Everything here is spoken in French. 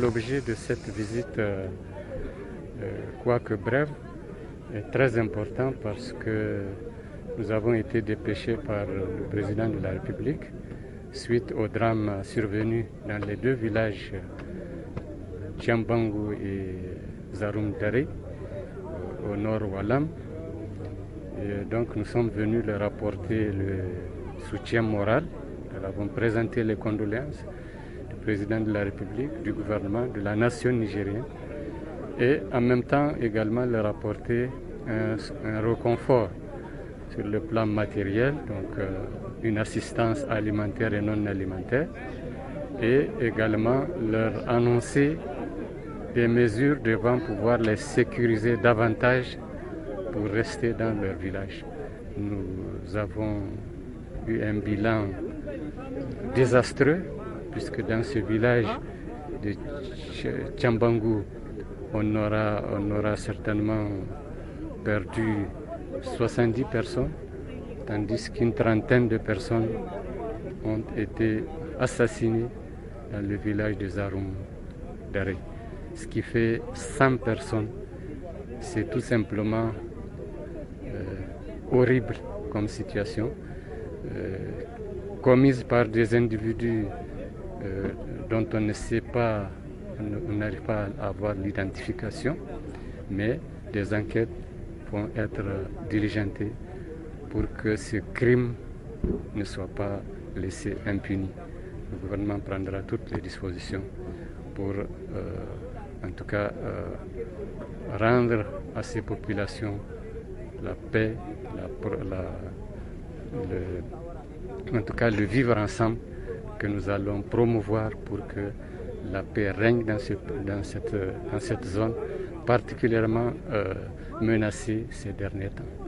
l'objet de cette visite, euh, euh, quoique brève, est très important parce que nous avons été dépêchés par le président de la République suite au drame survenu dans les deux villages Tchambangu et Zarumdari euh, au nord Walam. Et donc nous sommes venus leur apporter le soutien moral. Nous avons présenté les condoléances du président de la République, du gouvernement, de la nation nigérienne, et en même temps également leur apporter un, reconfort sur le plan matériel, donc euh, une assistance alimentaire et non alimentaire, et également leur annoncer des mesures devant pouvoir les sécuriser davantage pour rester dans leur village. Nous avons eu un bilan désastreux puisque dans ce village de Tchambangou, on aura, certainement perdu 70 personnes, tandis qu'une trentaine de personnes ont été assassinées dans le village de Zaroum Daré Ce qui fait 100 personnes. C'est tout simplement euh, horrible comme situation, euh, commise par des individus euh, dont on ne sait pas, on n'arrive pas à avoir l'identification, mais des enquêtes vont être diligentées pour que ce crime ne soit pas laissé impuni. Le gouvernement prendra toutes les dispositions pour, euh, en tout cas, euh, rendre à ces populations la paix, en tout cas le vivre ensemble que nous allons promouvoir pour que la paix règne dans, cette, zone particulièrement euh, menacée ces derniers temps.